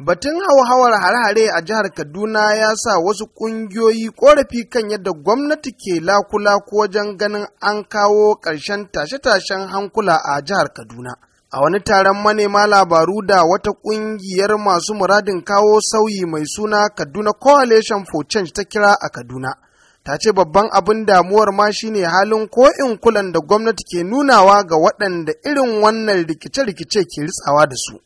Batun hauhawar hare-hare a jihar Kaduna ya sa wasu ƙungiyoyi ƙorafi kan yadda gwamnati ke lakula ko wajen ganin an kawo ƙarshen tashe-tashen hankula a jihar Kaduna. A wani taron manema labaru da wata ƙungiyar masu muradin kawo sauyi mai suna Kaduna Coalition for Change ta kira a Kaduna. Ta ce babban abin damuwar ma shine halin ko'in kulan da gwamnati ke nunawa ga waɗanda irin wannan rikice-rikice ke ritsawa da su.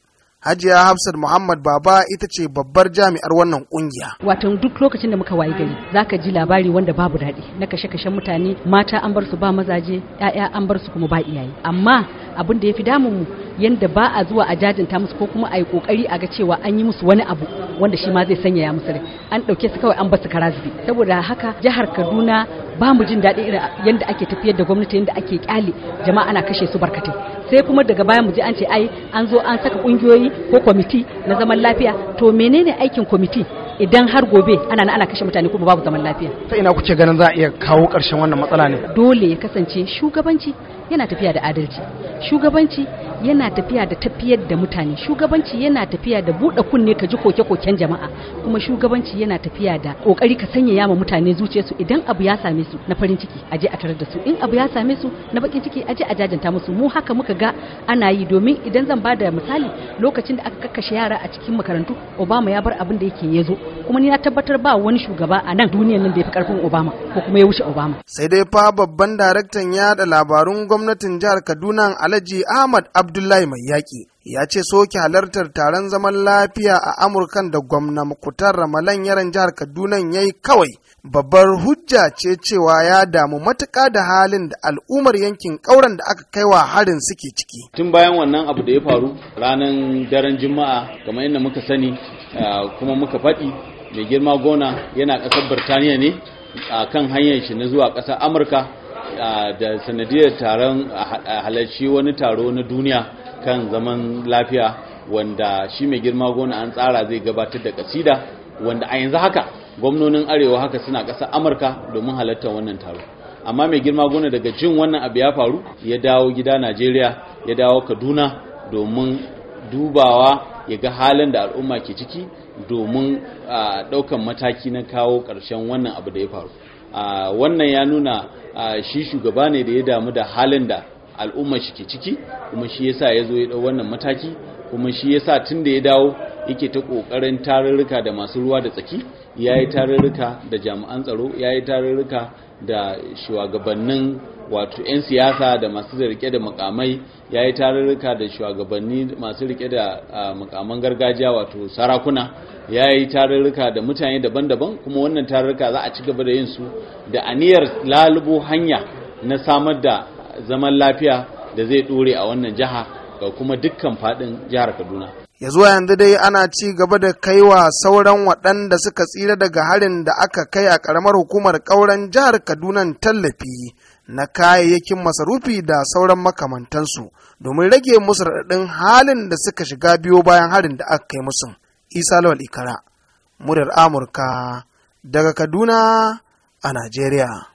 Hajiya Hafsat Muhammad Baba ita ce babbar jami'ar wannan kungiya. Watan duk lokacin da muka wayi gari zaka ji labari wanda babu daɗi na kashe-kashen mutane mata an bar su ba mazaje ƴaƴa an bar su kuma ba iyaye amma abin da ya fi damun mu yanda ba a zuwa a jajinta musu ko kuma a yi kokari a ga cewa an yi musu wani abu wanda shi ma zai sanyaya musu rai an ɗauke su kawai an basu karazbi saboda haka jihar kaduna ba mu jin daɗi irin yadda ake tafiyar da gwamnati yadda ake kyale jama'a ana kashe su barkatai sai kuma daga baya mu ji an ce ai an zo an saka ƙungiyoyi ko kwamiti na zaman lafiya to menene aikin kwamiti idan har gobe ana ana kashe mutane kuma babu zaman lafiya. Ta ina kuke ganin za a iya kawo karshen wannan matsala ne? Dole ya kasance shugabanci yana tafiya da adalci. Shugabanci yana tafiya da tafiyar da mutane shugabanci yana tafiya da buɗe kunne ka ji koke-koken jama'a kuma shugabanci yana tafiya da ƙoƙari ka ya ma mutane su idan abu ya same su na farin ciki aje a tarar da su in abu ya same su na bakin ciki aje a jajanta musu mu haka muka ga ana yi domin idan zan bada misali lokacin da aka kakkashe yara a cikin makarantu Obama ya bar abin da yake ya zo kuma ni na tabbatar ba wani shugaba a nan duniyar nan da ya fi karfin Obama ko kuma ya wuce Obama sai dai fa babban daraktan yada labarun gwamnatin jihar Kaduna Alhaji Ahmad Abdu abdullahi mai yaƙi ya ce soke halartar taron zaman lafiya a amurkan da gwamna makutar ramalan yaran jihar kaduna ya yi kawai babbar hujja ce cewa ya damu matuka da halin da al'ummar yankin ƙauren da aka kai wa harin suke ciki tun bayan wannan abu da ya faru ranar daren juma'a kamar yadda muka sani kuma muka faɗi mai girma gona yana ƙasar birtaniya ne a kan hanyar shi na zuwa ƙasar amurka da sanadiyar taron halarci wani taro na duniya kan zaman lafiya wanda shi mai girma gona an tsara zai gabatar da kasida wanda a yanzu haka gwamnonin arewa haka suna ƙasar amurka domin halartar wannan taro amma mai girma gona daga jin wannan abu ya faru ya dawo gida najeriya ya dawo kaduna domin dubawa ya ga halin da al'umma ke ciki domin ɗaukan mataki na kawo karshen wannan abu da ya faru wannan ya nuna shi shugaba ne da ya damu da halin da al'umma shi ke ciki kuma shi yasa ya zo ya ɗau wannan mataki kuma shi yasa tun da ya dawo yake ta ƙoƙarin tarurruka da masu ruwa da tsaki ya yi tarurruka da jami'an tsaro ya yi tarurruka da shugabannin wato 'yan siyasa da masu rike da makamai ya yi tarurruka da shugabanni masu rike da makaman gargajiya wato sarakuna ya yi tarurruka da mutane daban-daban kuma wannan tarurruka za a ci gaba da yin su da aniyar lalubo hanya na samar da zaman lafiya da zai dore a wannan jiha ga kuma dukkan faɗin jihar kaduna ya zuwa yanzu dai ana ci gaba da kaiwa sauran waɗanda suka tsira daga harin da aka kai a ƙaramar hukumar ƙauren jihar kaduna tallafi na kayayyakin masarufi da sauran makamantansu domin rage musu raɗaɗin halin da suka shiga biyo bayan harin da aka kai musu isa lawal ikara muryar amurka daga kaduna a najeriya